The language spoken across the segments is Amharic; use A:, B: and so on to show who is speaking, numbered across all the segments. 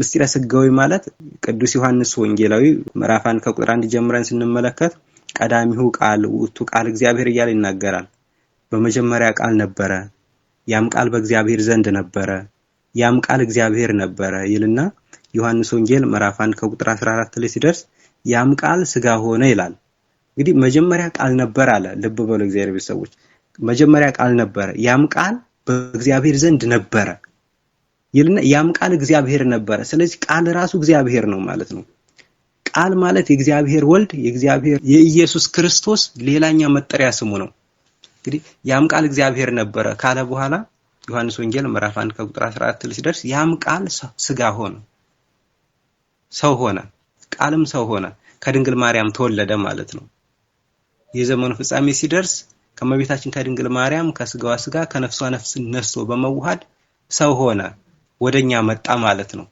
A: ምስጢረ ስጋዊ ማለት ቅዱስ ዮሐንስ ወንጌላዊ ምዕራፋን ከቁጥር አንድ ጀምረን ስንመለከት ቀዳሚሁ ቃል ውእቱ ቃል እግዚአብሔር እያለ ይናገራል። በመጀመሪያ ቃል ነበረ፣ ያም ቃል በእግዚአብሔር ዘንድ ነበረ፣ ያም ቃል እግዚአብሔር ነበረ ይልና ዮሐንስ ወንጌል ምዕራፍ አንድ ከቁጥር 14 ላይ ሲደርስ ያም ቃል ስጋ ሆነ ይላል። እንግዲህ መጀመሪያ ቃል ነበር አለ። ልብ በሉ እግዚአብሔር ቤተሰቦች፣ መጀመሪያ ቃል ነበረ፣ ያም ቃል በእግዚአብሔር ዘንድ ነበረ ይልና ያም ቃል እግዚአብሔር ነበረ። ስለዚህ ቃል ራሱ እግዚአብሔር ነው ማለት ነው። ቃል ማለት የእግዚአብሔር ወልድ የእግዚአብሔር የኢየሱስ ክርስቶስ ሌላኛ መጠሪያ ስሙ ነው። እንግዲህ ያም ቃል እግዚአብሔር ነበረ ካለ በኋላ ዮሐንስ ወንጌል ምዕራፍ 1 ከቁጥር 14 ሲደርስ ያም ቃል ስጋ ሆነ፣ ሰው ሆነ፣ ቃልም ሰው ሆነ፣ ከድንግል ማርያም ተወለደ ማለት ነው። የዘመኑ ፍጻሜ ሲደርስ ከመቤታችን ከድንግል ማርያም ከስጋዋ ስጋ ከነፍሷ ነፍስ ነስቶ በመዋሃድ ሰው ሆነ። ወደኛ መጣ ማለት ነው።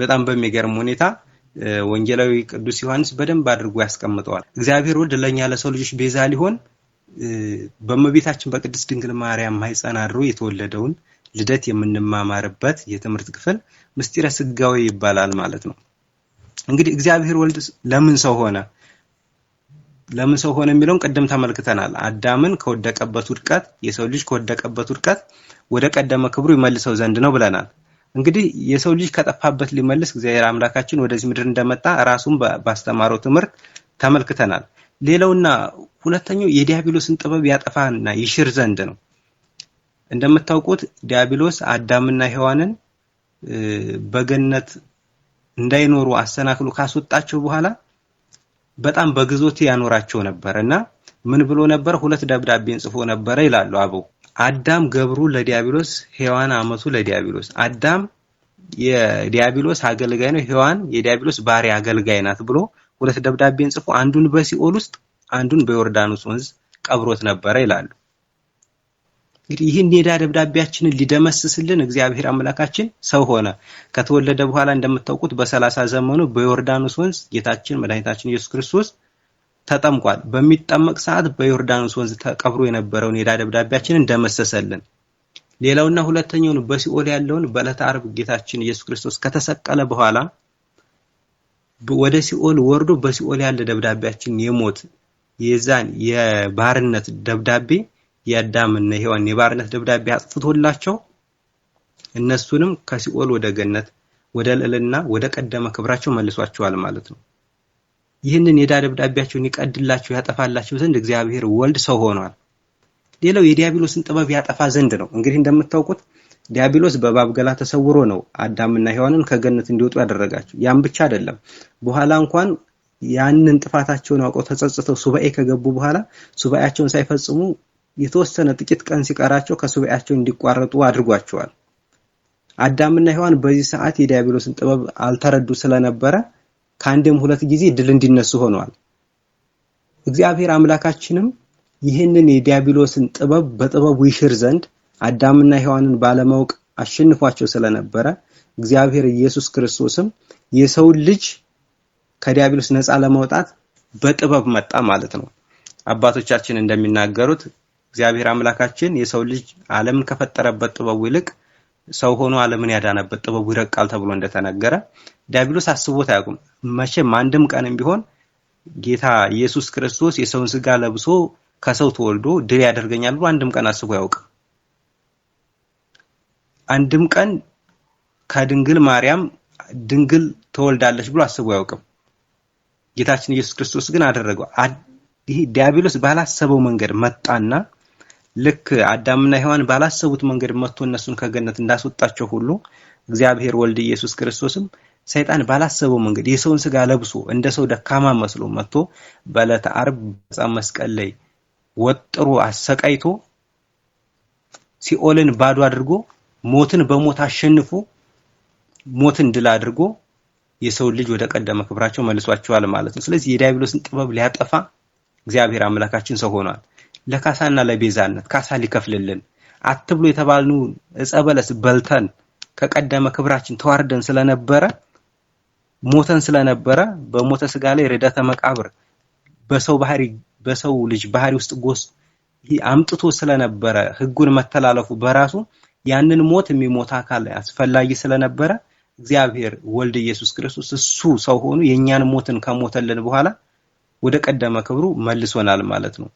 A: በጣም በሚገርም ሁኔታ ወንጌላዊ ቅዱስ ዮሐንስ በደንብ አድርጎ ያስቀምጠዋል። እግዚአብሔር ወልድ ለእኛ ለሰው ልጆች ቤዛ ሊሆን በእመቤታችን በቅድስት ድንግል ማርያም ማኅፀን አድሮ የተወለደውን ልደት የምንማማርበት የትምህርት ክፍል ምስጢረ ስጋዊ ይባላል ማለት ነው። እንግዲህ እግዚአብሔር ወልድ ለምን ሰው ሆነ? ለምን ሰው ሆነ የሚለውን ቅድም ተመልክተናል። አዳምን ከወደቀበት ውድቀት የሰው ልጅ ከወደቀበት ውድቀት ወደ ቀደመ ክብሩ ይመልሰው ዘንድ ነው ብለናል። እንግዲህ የሰው ልጅ ከጠፋበት ሊመልስ እግዚአብሔር አምላካችን ወደዚህ ምድር እንደመጣ ራሱን ባስተማረው ትምህርት ተመልክተናል። ሌላውና ሁለተኛው የዲያብሎስን ጥበብ ያጠፋና ይሽር ዘንድ ነው። እንደምታውቁት ዲያብሎስ አዳምና ሔዋንን በገነት እንዳይኖሩ አሰናክሎ ካስወጣቸው በኋላ በጣም በግዞት ያኖራቸው ነበር እና ምን ብሎ ነበር? ሁለት ደብዳቤን ጽፎ ነበረ ይላሉ አበው አዳም ገብሩ ለዲያብሎስ ሔዋን አመቱ ለዲያብሎስ አዳም የዲያብሎስ አገልጋይ ነው፣ ሔዋን የዲያብሎስ ባሪያ አገልጋይ ናት ብሎ ሁለት ደብዳቤን ጽፎ አንዱን በሲኦል ውስጥ አንዱን በዮርዳኖስ ወንዝ ቀብሮት ነበረ ይላሉ። እንግዲህ ይህን የዕዳ ደብዳቤያችንን ሊደመስስልን እግዚአብሔር አምላካችን ሰው ሆነ። ከተወለደ በኋላ እንደምታውቁት በሰላሳ ዘመኑ በዮርዳኖስ ወንዝ ጌታችን መድኃኒታችን ኢየሱስ ክርስቶስ ተጠምቋል። በሚጠመቅ ሰዓት በዮርዳኖስ ወንዝ ተቀብሮ የነበረውን የዕዳ ደብዳቤያችንን እንደመሰሰልን። ሌላውና ሁለተኛውን በሲኦል ያለውን በዕለተ ዓርብ ጌታችን ኢየሱስ ክርስቶስ ከተሰቀለ በኋላ ወደ ሲኦል ወርዶ በሲኦል ያለ ደብዳቤያችን የሞት የዛን የባርነት ደብዳቤ የአዳምና የሔዋን የባርነት ደብዳቤ አጥፍቶላቸው እነሱንም ከሲኦል ወደ ገነት ወደ ልዕልና ወደ ቀደመ ክብራቸው መልሷቸዋል ማለት ነው። ይህንን የዕዳ ደብዳቤያቸውን ይቀድላችሁ ያጠፋላችሁ ዘንድ እግዚአብሔር ወልድ ሰው ሆኗል። ሌላው የዲያብሎስን ጥበብ ያጠፋ ዘንድ ነው። እንግዲህ እንደምታውቁት ዲያብሎስ በእባብ ገላ ተሰውሮ ነው አዳምና ሔዋንን ከገነት እንዲወጡ ያደረጋቸው። ያም ብቻ አይደለም፣ በኋላ እንኳን ያንን ጥፋታቸውን አውቀው ተጸጽተው ሱባኤ ከገቡ በኋላ ሱባኤያቸውን ሳይፈጽሙ የተወሰነ ጥቂት ቀን ሲቀራቸው ከሱባኤያቸው እንዲቋረጡ አድርጓቸዋል። አዳምና ሔዋን በዚህ ሰዓት የዲያብሎስን ጥበብ አልተረዱ ስለነበረ ከአንድም ሁለት ጊዜ ድል እንዲነሱ ሆነዋል። እግዚአብሔር አምላካችንም ይህንን የዲያብሎስን ጥበብ በጥበቡ ይሽር ዘንድ አዳምና ሔዋንን ባለማወቅ አሸንፏቸው ስለነበረ እግዚአብሔር ኢየሱስ ክርስቶስም የሰውን ልጅ ከዲያብሎስ ነፃ ለማውጣት በጥበብ መጣ ማለት ነው። አባቶቻችን እንደሚናገሩት እግዚአብሔር አምላካችን የሰው ልጅ ዓለምን ከፈጠረበት ጥበቡ ይልቅ ሰው ሆኖ ዓለምን ያዳነበት ጥበቡ ይረቃል ተብሎ እንደተነገረ ዲያብሎስ አስቦት አያውቁም። መቼም አንድም ቀንም ቢሆን ጌታ ኢየሱስ ክርስቶስ የሰውን ስጋ ለብሶ ከሰው ተወልዶ ድል ያደርገኛል ብሎ አንድም ቀን አስቦ አያውቅም። አንድም ቀን ከድንግል ማርያም ድንግል ተወልዳለች ብሎ አስቦ አያውቅም። ጌታችን ኢየሱስ ክርስቶስ ግን አደረገው። ይህ ዲያብሎስ ባላሰበው መንገድ መጣና ልክ አዳምና ሔዋን ባላሰቡት መንገድ መጥቶ እነሱን ከገነት እንዳስወጣቸው ሁሉ እግዚአብሔር ወልድ ኢየሱስ ክርስቶስም ሰይጣን ባላሰበው መንገድ የሰውን ስጋ ለብሶ እንደ ሰው ደካማ መስሎ መጥቶ በዕለተ ዓርብ በዕፀ መስቀል ላይ ወጥሮ አሰቃይቶ ሲኦልን ባዶ አድርጎ ሞትን በሞት አሸንፎ ሞትን ድል አድርጎ የሰውን ልጅ ወደ ቀደመ ክብራቸው መልሷቸዋል ማለት ነው። ስለዚህ የዲያብሎስን ጥበብ ሊያጠፋ እግዚአብሔር አምላካችን ሰው ሆኗል። ለካሳና ለቤዛነት ካሳ ሊከፍልልን አትብሎ የተባልኑ ዕፀ በለስ በልተን ከቀደመ ክብራችን ተዋርደን ስለነበረ ሞተን ስለነበረ በሞተ ስጋ ላይ ርዳተ መቃብር በሰው ባህሪ በሰው ልጅ ባህሪ ውስጥ ጎስ አምጥቶ ስለነበረ ህጉን መተላለፉ በራሱ ያንን ሞት የሚሞት አካል አስፈላጊ ስለነበረ እግዚአብሔር ወልድ ኢየሱስ ክርስቶስ እሱ ሰው ሆኖ የእኛን ሞትን ከሞተልን በኋላ ወደ ቀደመ ክብሩ መልሶናል ማለት ነው።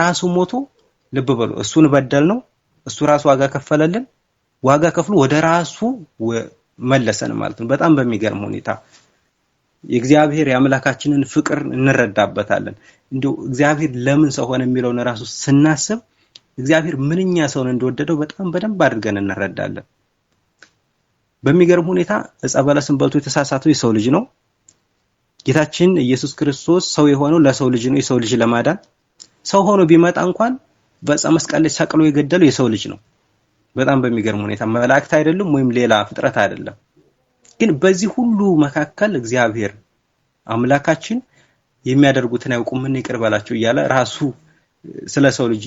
A: ራሱ ሞቶ ልብ በሉ፣ እሱን በደል ነው። እሱ ራሱ ዋጋ ከፈለልን፣ ዋጋ ከፍሎ ወደ ራሱ መለሰን ማለት ነው። በጣም በሚገርም ሁኔታ የእግዚአብሔር የአምላካችንን ፍቅር እንረዳበታለን። እንዲሁ እግዚአብሔር ለምን ሰው ሆነ የሚለውን ራሱ ስናስብ እግዚአብሔር ምንኛ ሰውን እንደወደደው በጣም በደንብ አድርገን እንረዳለን። በሚገርም ሁኔታ ዕፀ በለስን በልቶ የተሳሳተው የሰው ልጅ ነው። ጌታችን ኢየሱስ ክርስቶስ ሰው የሆነው ለሰው ልጅ ነው፣ የሰው ልጅ ለማዳን ሰው ሆኖ ቢመጣ እንኳን በዕፀ መስቀል ላይ ሰቅሎ የገደለው የሰው ልጅ ነው። በጣም በሚገርም ሁኔታ መላእክት አይደለም ወይም ሌላ ፍጥረት አይደለም። ግን በዚህ ሁሉ መካከል እግዚአብሔር አምላካችን የሚያደርጉትን አያውቁምን ይቅር በላቸው እያለ ራሱ ስለ ሰው ልጅ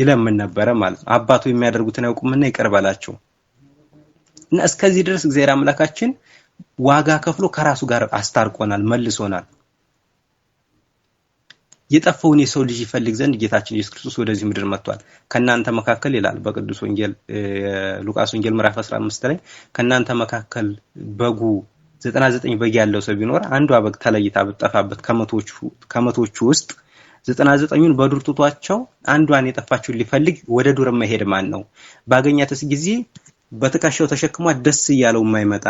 A: ይለምን ነበረ ማለት ነው። አባቱ የሚያደርጉትን አያውቁምና ይቅር በላቸው እና እስከዚህ ድረስ እግዚአብሔር አምላካችን ዋጋ ከፍሎ ከራሱ ጋር አስታርቆናል፣ መልሶናል። የጠፋውን የሰው ልጅ ይፈልግ ዘንድ ጌታችን ኢየሱስ ክርስቶስ ወደዚህ ምድር መጥቷል። ከእናንተ መካከል ይላል በቅዱስ ወንጌል ሉቃስ ወንጌል ምዕራፍ 15 ላይ ከእናንተ መካከል በጉ 99 በግ ያለው ሰው ቢኖር አንዷ በግ ተለይታ ብትጠፋበት ከመቶቹ ውስጥ ዘጠና ዘጠኙን በዱር ትቷቸው አንዷን የጠፋችውን ሊፈልግ ወደ ዱር መሄድ ማን ነው? ባገኛትስ ጊዜ በትከሻው ተሸክሟት ደስ እያለው የማይመጣ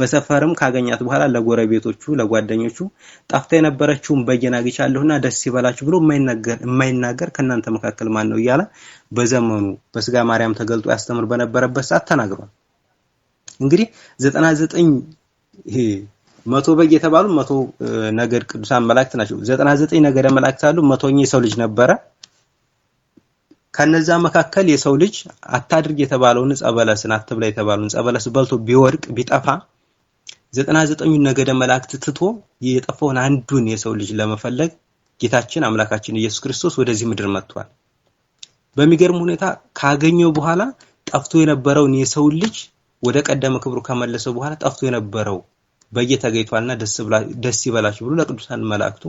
A: በሰፈርም ካገኛት በኋላ ለጎረቤቶቹ ለጓደኞቹ ጠፍታ የነበረችውን በጌን አግኝቻለሁና ደስ ይበላችሁ ብሎ የማይናገር የማይናገር ከእናንተ መካከል ማን ነው እያለ በዘመኑ በስጋ ማርያም ተገልጦ ያስተምር በነበረበት ሰዓት ተናግሯል። እንግዲህ 99 መቶ በግ የተባሉ መቶ ነገድ ቅዱሳን መላእክት ናቸው። 99 ነገደ መላእክት አሉ። መቶኛ የሰው ልጅ ነበረ። ከነዛ መካከል የሰው ልጅ አታድርግ የተባለውን ጸበለስን በለስን አትብላ የተባለውን ጸበለስ በልቶ ቢወድቅ ቢጠፋ ዘጠና ዘጠኙን ነገደ መላእክት ትቶ የጠፋውን አንዱን የሰው ልጅ ለመፈለግ ጌታችን አምላካችን ኢየሱስ ክርስቶስ ወደዚህ ምድር መጥቷል። በሚገርም ሁኔታ ካገኘው በኋላ ጠፍቶ የነበረውን የሰው ልጅ ወደ ቀደመ ክብሩ ከመለሰው በኋላ ጠፍቶ የነበረው በየተገኝቷልና ደስ ይበላችሁ ብሎ ለቅዱሳን መላእክቱ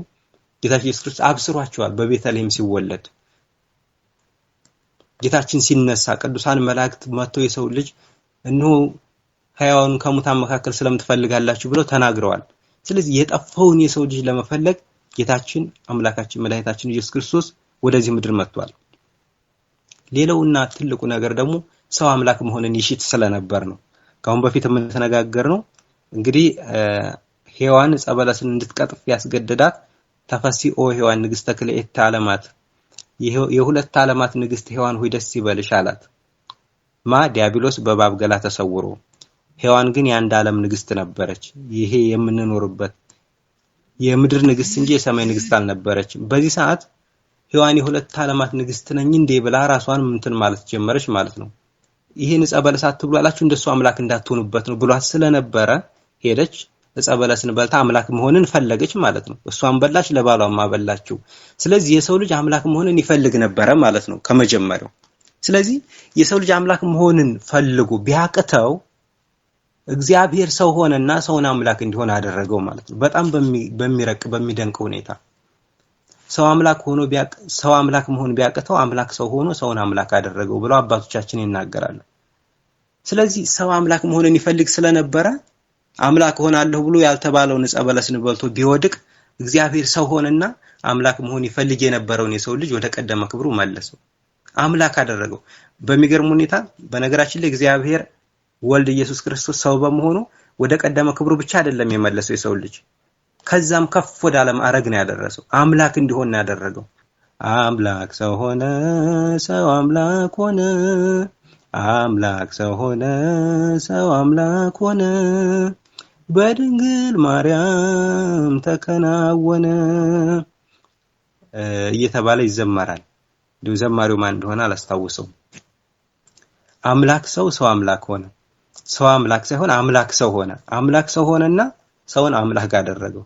A: ጌታችን ኢየሱስ ክርስቶስ አብስሯቸዋል። በቤተልሔም ሲወለድ ጌታችን ሲነሳ ቅዱሳን መላእክት መጥተው የሰው ልጅ እነሆ ሕያውን ከሙታን መካከል ስለምትፈልጋላችሁ ብለው ተናግረዋል። ስለዚህ የጠፋውን የሰው ልጅ ለመፈለግ ጌታችን አምላካችን መድኃኒታችን ኢየሱስ ክርስቶስ ወደዚህ ምድር መጥቷል። ሌላውና ትልቁ ነገር ደግሞ ሰው አምላክ መሆንን ይሽት ስለነበር ነው። ከአሁን በፊት የምንተነጋገር ነው እንግዲህ ሔዋን ዕፀ በለስን እንድትቀጥፍ ያስገደዳት ተፈሲኦ ሔዋን ንግሥተ ክልኤተ ዓለማት የሁለት ዓለማት ንግሥት ሔዋን ሆይ ደስ ይበልሽ አላት። ማ ዲያብሎስ በባብ ገላ ተሰውሮ ሔዋን ግን የአንድ ዓለም ንግስት ነበረች። ይሄ የምንኖርበት የምድር ንግስት እንጂ የሰማይ ንግስት አልነበረችም። በዚህ ሰዓት ሔዋን የሁለት ዓለማት ንግስት ነኝ እንዴ ብላ ራሷን ምንትን ማለት ጀመረች ማለት ነው። ይሄን ዕፀ በለስ አትብሉ እንደሱ አምላክ እንዳትሆኑበት ነው ብሏት ስለነበረ ሄደች ዕፀ በለስን በልታ አምላክ መሆንን ፈለገች ማለት ነው። እሷን በላች፣ ለባሏም አበላችው። ስለዚህ የሰው ልጅ አምላክ መሆንን ይፈልግ ነበረ ማለት ነው ከመጀመሪያው። ስለዚህ የሰው ልጅ አምላክ መሆንን ፈልጉ ቢያቅተው እግዚአብሔር ሰው ሆነና ሰውን አምላክ እንዲሆን አደረገው ማለት ነው። በጣም በሚረቅ በሚደንቅ ሁኔታ ሰው አምላክ ሆኖ ሰው አምላክ መሆን ቢያቅተው አምላክ ሰው ሆኖ ሰውን አምላክ አደረገው ብለው አባቶቻችን ይናገራሉ። ስለዚህ ሰው አምላክ መሆንን ይፈልግ ስለነበረ አምላክ ሆናለሁ ብሎ ያልተባለውን ዕፀ በለስን በልቶ ቢወድቅ እግዚአብሔር ሰው ሆነና አምላክ መሆን ይፈልግ የነበረውን የሰው ልጅ ወደ ቀደመ ክብሩ መለሰው፣ አምላክ አደረገው። በሚገርም ሁኔታ በነገራችን ላይ እግዚአብሔር ወልድ ኢየሱስ ክርስቶስ ሰው በመሆኑ ወደ ቀደመ ክብሩ ብቻ አይደለም የመለሰው የሰው ልጅ ከዛም ከፍ ወደ ዓለም አረግ ነው ያደረሰው። አምላክ እንዲሆን ነው ያደረገው። አምላክ ሰው ሆነ፣ ሰው አምላክ ሆነ። አምላክ ሰው ሆነ፣ ሰው አምላክ ሆነ። በድንግል ማርያም ተከናወነ እየተባለ ይዘመራል። ዘማሪው ማን እንደሆነ አላስታውሰውም። አምላክ ሰው ሰው አምላክ ሆነ። ሰው አምላክ ሳይሆን አምላክ ሰው ሆነ። አምላክ ሰው ሆነና ሰውን አምላክ አደረገው።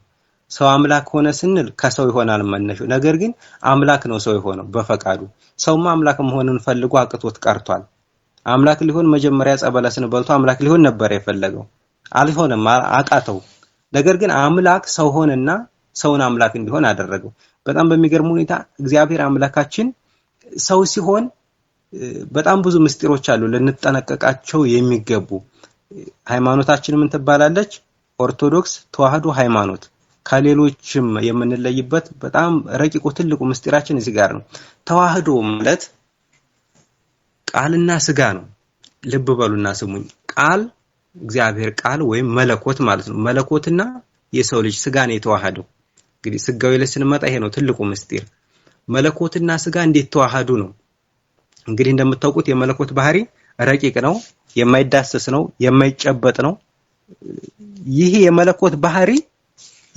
A: ሰው አምላክ ሆነ ስንል ከሰው ይሆናል መነሻው። ነገር ግን አምላክ ነው ሰው የሆነው በፈቃዱ። ሰውማ አምላክ መሆንን ፈልጎ አቅቶት ቀርቷል። አምላክ ሊሆን መጀመሪያ ጸበለስን በልቶ አምላክ ሊሆን ነበር የፈለገው፣ አልሆነም፣ አቃተው። ነገር ግን አምላክ ሰው ሆነና ሰውን አምላክ እንዲሆን አደረገው። በጣም በሚገርም ሁኔታ እግዚአብሔር አምላካችን ሰው ሲሆን በጣም ብዙ ምስጢሮች አሉ ልንጠነቀቃቸው የሚገቡ። ሃይማኖታችን ምን ትባላለች? ኦርቶዶክስ ተዋህዶ ሃይማኖት። ከሌሎችም የምንለይበት በጣም ረቂቁ ትልቁ ምስጢራችን እዚህ ጋር ነው። ተዋህዶ ማለት ቃልና ስጋ ነው። ልብ በሉና ስሙኝ። ቃል እግዚአብሔር ቃል ወይም መለኮት ማለት ነው። መለኮትና የሰው ልጅ ስጋ ነው የተዋሃደው። እንግዲህ ስጋዊ ላይ ስንመጣ ይሄ ነው ትልቁ ምስጢር። መለኮትና ስጋ እንዴት ተዋሃዱ ነው እንግዲህ እንደምታውቁት የመለኮት ባህሪ ረቂቅ ነው፣ የማይዳሰስ ነው፣ የማይጨበጥ ነው። ይህ የመለኮት ባህሪ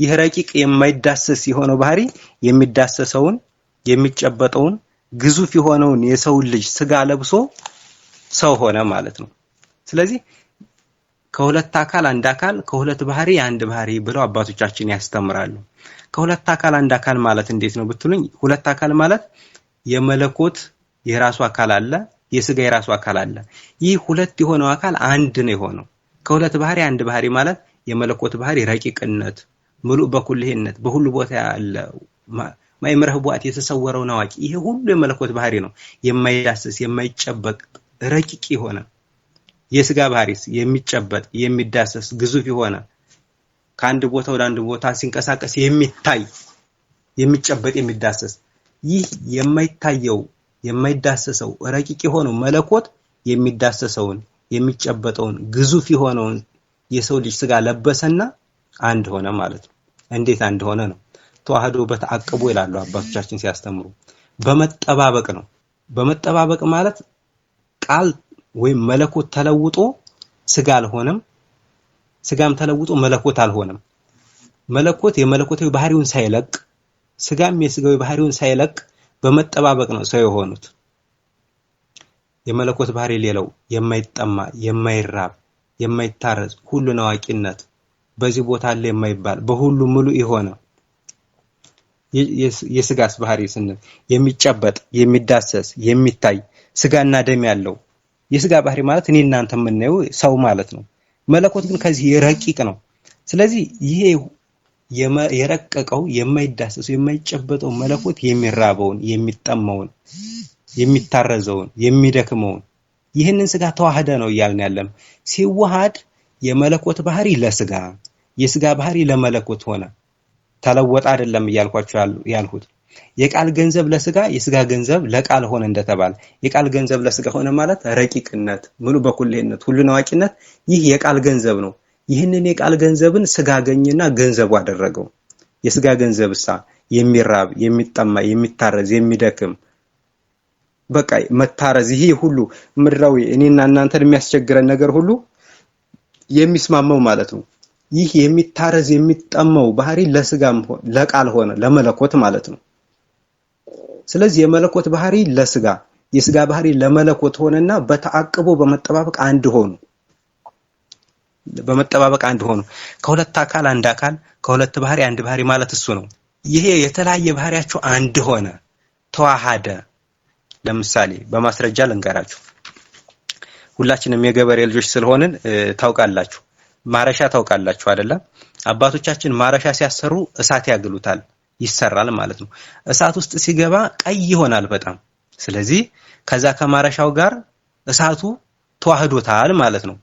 A: ይህ ረቂቅ የማይዳሰስ የሆነው ባህሪ የሚዳሰሰውን የሚጨበጠውን ግዙፍ የሆነውን የሰውን ልጅ ስጋ ለብሶ ሰው ሆነ ማለት ነው። ስለዚህ ከሁለት አካል አንድ አካል ከሁለት ባህሪ አንድ ባህሪ ብለው አባቶቻችን ያስተምራሉ። ከሁለት አካል አንድ አካል ማለት እንዴት ነው ብትሉኝ፣ ሁለት አካል ማለት የመለኮት የራሱ አካል አለ፣ የስጋ የራሱ አካል አለ። ይህ ሁለት የሆነው አካል አንድ ነው የሆነው። ከሁለት ባህሪ አንድ ባህሪ ማለት የመለኮት ባህሪ ረቂቅነት፣ ምሉእ በኩልህነት በሁሉ ቦታ ያለ ማይምረህ ቧት የተሰወረውን አዋቂ፣ ይሄ ሁሉ የመለኮት ባህሪ ነው። የማይዳስስ የማይጨበጥ ረቂቅ የሆነ የስጋ ባህሪስ የሚጨበጥ የሚዳሰስ ግዙፍ የሆነ ከአንድ ቦታ ወደ አንድ ቦታ ሲንቀሳቀስ የሚታይ የሚጨበጥ የሚዳሰስ ይህ የማይታየው የማይዳሰሰው ረቂቅ የሆነው መለኮት የሚዳሰሰውን የሚጨበጠውን ግዙፍ የሆነውን የሰው ልጅ ስጋ ለበሰና አንድ ሆነ ማለት ነው። እንዴት አንድ ሆነ ነው? ተዋህዶ በተአቅቦ ይላሉ አባቶቻችን ሲያስተምሩ፣ በመጠባበቅ ነው። በመጠባበቅ ማለት ቃል ወይም መለኮት ተለውጦ ስጋ አልሆነም፣ ስጋም ተለውጦ መለኮት አልሆነም። መለኮት የመለኮታዊ ባህሪውን ሳይለቅ ስጋም የስጋዊ ባህሪውን ሳይለቅ በመጠባበቅ ነው ሰው የሆኑት። የመለኮት ባህሪ ሌለው የማይጠማ የማይራብ የማይታረዝ ሁሉን አዋቂነት በዚህ ቦታ አለ የማይባል በሁሉ ሙሉ የሆነ የስጋስ ባህሪ ስንል የሚጨበጥ የሚዳሰስ የሚታይ ስጋና ደም ያለው የስጋ ባህሪ ማለት እኔ እናንተ የምናየው ሰው ማለት ነው። መለኮት ግን ከዚህ ረቂቅ ነው። ስለዚህ ይሄ የረቀቀው የማይዳሰሰው የማይጨበጠው መለኮት የሚራበውን፣ የሚጠማውን፣ የሚታረዘውን፣ የሚደክመውን ይህንን ስጋ ተዋህደ ነው እያልን ያለም። ሲዋሃድ የመለኮት ባህሪ ለስጋ የስጋ ባህሪ ለመለኮት ሆነ። ተለወጠ አይደለም እያልኳቸው ያልሁት የቃል ገንዘብ ለስጋ የስጋ ገንዘብ ለቃል ሆነ እንደተባለ የቃል ገንዘብ ለስጋ ሆነ ማለት ረቂቅነት፣ ሙሉ በኩሌነት፣ ሁሉን አዋቂነት ይህ የቃል ገንዘብ ነው። ይህንን የቃል ገንዘብን ስጋ ገኝና ገንዘቡ አደረገው። የስጋ ገንዘብሳ የሚራብ የሚጠማ የሚታረዝ የሚደክም በቃ መታረዝ ይሄ ሁሉ ምድራዊ እኔና እናንተን የሚያስቸግረን ነገር ሁሉ የሚስማማው ማለት ነው። ይህ የሚታረዝ የሚጠማው ባህሪ ለስጋም ለቃል ሆነ ለመለኮት ማለት ነው። ስለዚህ የመለኮት ባህሪ ለስጋ የስጋ ባህሪ ለመለኮት ሆነና በተአቅቦ በመጠባበቅ አንድ ሆኑ። በመጠባበቅ አንድ ሆኑ። ከሁለት አካል አንድ አካል፣ ከሁለት ባህሪ አንድ ባህሪ ማለት እሱ ነው። ይሄ የተለያየ ባህሪያቸው አንድ ሆነ፣ ተዋሃደ። ለምሳሌ በማስረጃ ልንገራችሁ። ሁላችንም የገበሬ ልጆች ስለሆንን ታውቃላችሁ፣ ማረሻ ታውቃላችሁ አይደለ? አባቶቻችን ማረሻ ሲያሰሩ እሳት ያግሉታል፣ ይሰራል ማለት ነው። እሳት ውስጥ ሲገባ ቀይ ይሆናል በጣም ስለዚህ ከዛ ከማረሻው ጋር እሳቱ ተዋህዶታል ማለት ነው።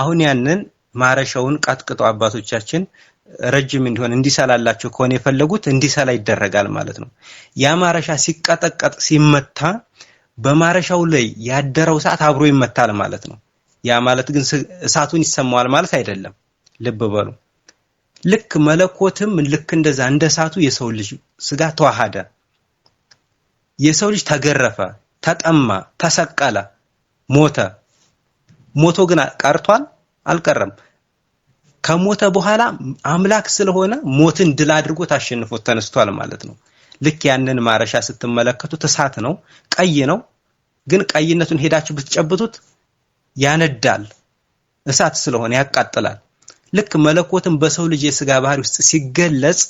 A: አሁን ያንን ማረሻውን ቀጥቅጦ አባቶቻችን ረጅም እንዲሆን እንዲሰላላቸው ከሆነ የፈለጉት እንዲሰላ ይደረጋል ማለት ነው። ያ ማረሻ ሲቀጠቀጥ ሲመታ በማረሻው ላይ ያደረው እሳት አብሮ ይመታል ማለት ነው። ያ ማለት ግን እሳቱን ይሰማዋል ማለት አይደለም። ልብ በሉ። ልክ መለኮትም ልክ እንደዛ እንደ እሳቱ የሰው ልጅ ስጋ ተዋሃደ። የሰው ልጅ ተገረፈ፣ ተጠማ፣ ተሰቀለ፣ ሞተ። ሞቶ ግን ቀርቷል አልቀረም። ከሞተ በኋላ አምላክ ስለሆነ ሞትን ድል አድርጎ ታሸንፎት ተነስቷል ማለት ነው። ልክ ያንን ማረሻ ስትመለከቱት እሳት ነው፣ ቀይ ነው። ግን ቀይነቱን ሄዳችሁ ብትጨብጡት ያነዳል፣ እሳት ስለሆነ ያቃጥላል። ልክ መለኮትን በሰው ልጅ የስጋ ባህሪ ውስጥ ሲገለጽ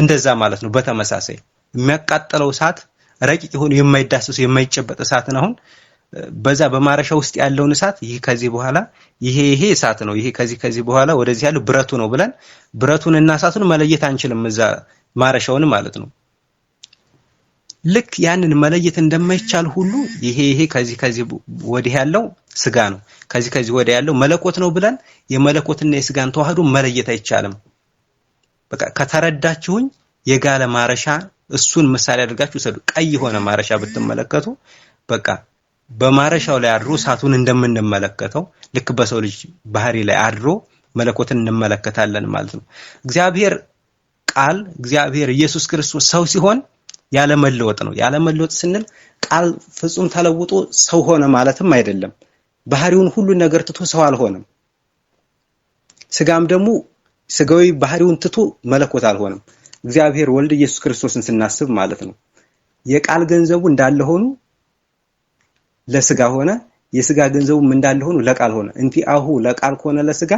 A: እንደዛ ማለት ነው። በተመሳሳይ የሚያቃጥለው እሳት ረቂቅ የሆነ የማይዳሰሱ የማይጨበጥ እሳትን አሁን በዛ በማረሻ ውስጥ ያለውን እሳት ይህ ከዚህ በኋላ ይሄ ይሄ እሳት ነው፣ ይሄ ከዚህ ከዚህ በኋላ ወደዚህ ያለው ብረቱ ነው ብለን ብረቱን እና እሳቱን መለየት አንችልም፣ እዛ ማረሻውን ማለት ነው። ልክ ያንን መለየት እንደማይቻል ሁሉ ይሄ ይሄ ከዚህ ከዚህ ወዲህ ያለው ስጋ ነው፣ ከዚህ ከዚህ ወዲህ ያለው መለኮት ነው ብለን የመለኮትና የስጋን ተዋህዶ መለየት አይቻልም። በቃ ከተረዳችሁኝ የጋለ ማረሻ እሱን ምሳሌ አድርጋችሁ ሰዱ። ቀይ የሆነ ማረሻ ብትመለከቱ በቃ በማረሻው ላይ አድሮ እሳቱን እንደምንመለከተው ልክ በሰው ልጅ ባህሪ ላይ አድሮ መለኮትን እንመለከታለን ማለት ነው። እግዚአብሔር ቃል እግዚአብሔር ኢየሱስ ክርስቶስ ሰው ሲሆን ያለመለወጥ ነው። ያለመለወጥ ስንል ቃል ፍጹም ተለውጦ ሰው ሆነ ማለትም አይደለም። ባህሪውን ሁሉ ነገር ትቶ ሰው አልሆነም። ስጋም ደግሞ ስጋዊ ባህሪውን ትቶ መለኮት አልሆነም። እግዚአብሔር ወልድ ኢየሱስ ክርስቶስን ስናስብ ማለት ነው የቃል ገንዘቡ እንዳለ ሆኑ ለስጋ ሆነ የስጋ ገንዘቡም እንዳለ ሆኖ ለቃል ሆነ። አሁ ለቃል ከሆነ ለስጋ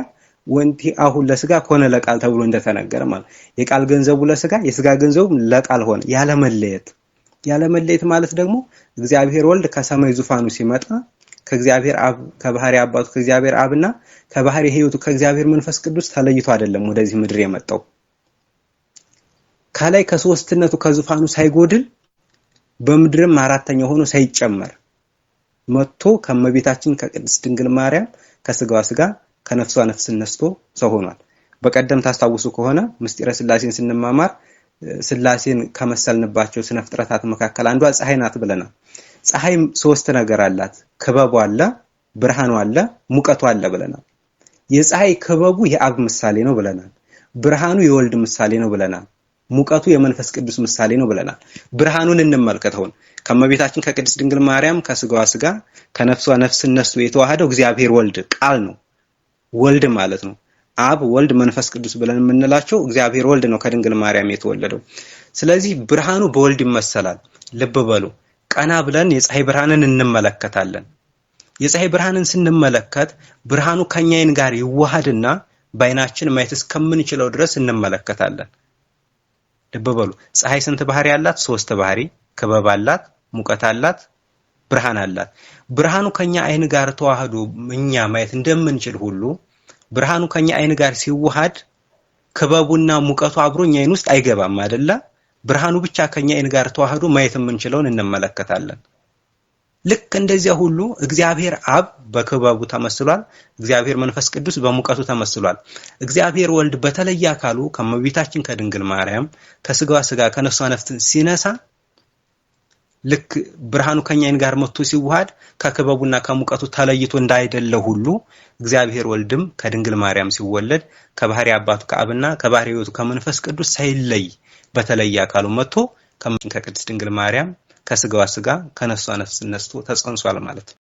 A: አሁ ለስጋ ከሆነ ለቃል ተብሎ እንደተነገረ ማለት የቃል ገንዘቡ ለስጋ የስጋ ገንዘቡ ለቃል ሆነ ያለመለየት። ያለመለየት ማለት ደግሞ እግዚአብሔር ወልድ ከሰማይ ዙፋኑ ሲመጣ ከእግዚአብሔር አብ ከባህሪ አባቱ ከእግዚአብሔር አብና ከባህሪ ሕይወቱ ከእግዚአብሔር መንፈስ ቅዱስ ተለይቶ አይደለም ወደዚህ ምድር የመጣው ከላይ ከሶስትነቱ ከዙፋኑ ሳይጎድል በምድርም አራተኛ ሆኖ ሳይጨመር መጥቶ ከመቤታችን ከቅድስት ድንግል ማርያም ከስጋዋ ስጋ ከነፍሷ ነፍስ ነስቶ ሰው ሆኗል። በቀደም ታስታውሱ ከሆነ ምስጢረ ስላሴን ስንማማር ስላሴን ከመሰልንባቸው ስነ ፍጥረታት መካከል አንዷ ፀሐይ ናት ብለናል። ፀሐይ ሶስት ነገር አላት። ክበቡ አለ፣ ብርሃኑ አለ፣ ሙቀቱ አለ ብለናል። የፀሐይ ክበቡ የአብ ምሳሌ ነው ብለናል። ብርሃኑ የወልድ ምሳሌ ነው ብለናል። ሙቀቱ የመንፈስ ቅዱስ ምሳሌ ነው ብለናል። ብርሃኑን እንመልከተውን ከመቤታችን ከቅድስት ድንግል ማርያም ከስጋዋ ስጋ ከነፍሷ ነፍስ እነሱ የተዋህደው እግዚአብሔር ወልድ ቃል ነው። ወልድ ማለት ነው አብ፣ ወልድ፣ መንፈስ ቅዱስ ብለን የምንላቸው እግዚአብሔር ወልድ ነው ከድንግል ማርያም የተወለደው። ስለዚህ ብርሃኑ በወልድ ይመሰላል። ልብ በሉ። ቀና ብለን የፀሐይ ብርሃንን እንመለከታለን። የፀሐይ ብርሃንን ስንመለከት ብርሃኑ ከኛ አይን ጋር ይዋሃድና በዓይናችን ማየት እስከምንችለው ድረስ እንመለከታለን። ልብ በሉ። ፀሐይ ስንት ባህሪ አላት? ሶስት ባህሪ። ክበብ አላት፣ ሙቀት አላት፣ ብርሃን አላት። ብርሃኑ ከኛ አይን ጋር ተዋህዶ እኛ ማየት እንደምንችል ሁሉ ብርሃኑ ከኛ አይን ጋር ሲዋሃድ ክበቡና ሙቀቱ አብሮ እኛ አይን ውስጥ አይገባም አይደለ? ብርሃኑ ብቻ ከኛ አይን ጋር ተዋህዶ ማየት የምንችለውን እንመለከታለን። ልክ እንደዚያ ሁሉ እግዚአብሔር አብ በክበቡ ተመስሏል። እግዚአብሔር መንፈስ ቅዱስ በሙቀቱ ተመስሏል። እግዚአብሔር ወልድ በተለየ አካሉ ከመቤታችን ከድንግል ማርያም ከስጋዋ ስጋ ከነፍሷ ነፍስ ሲነሳ ልክ ብርሃኑ ከኛይን ጋር መጥቶ ሲዋሃድ ከክበቡና ከሙቀቱ ተለይቶ እንዳይደለ ሁሉ እግዚአብሔር ወልድም ከድንግል ማርያም ሲወለድ ከባህሪ አባቱ ከአብና ከባህሪ ሕይወቱ ከመንፈስ ቅዱስ ሳይለይ በተለየ አካሉ መጥቶ ከቅድስት ድንግል ማርያም ከስጋዋ ስጋ ከነፍሷ ነፍስ ነስቶ ተጸንሷል ማለት ነው።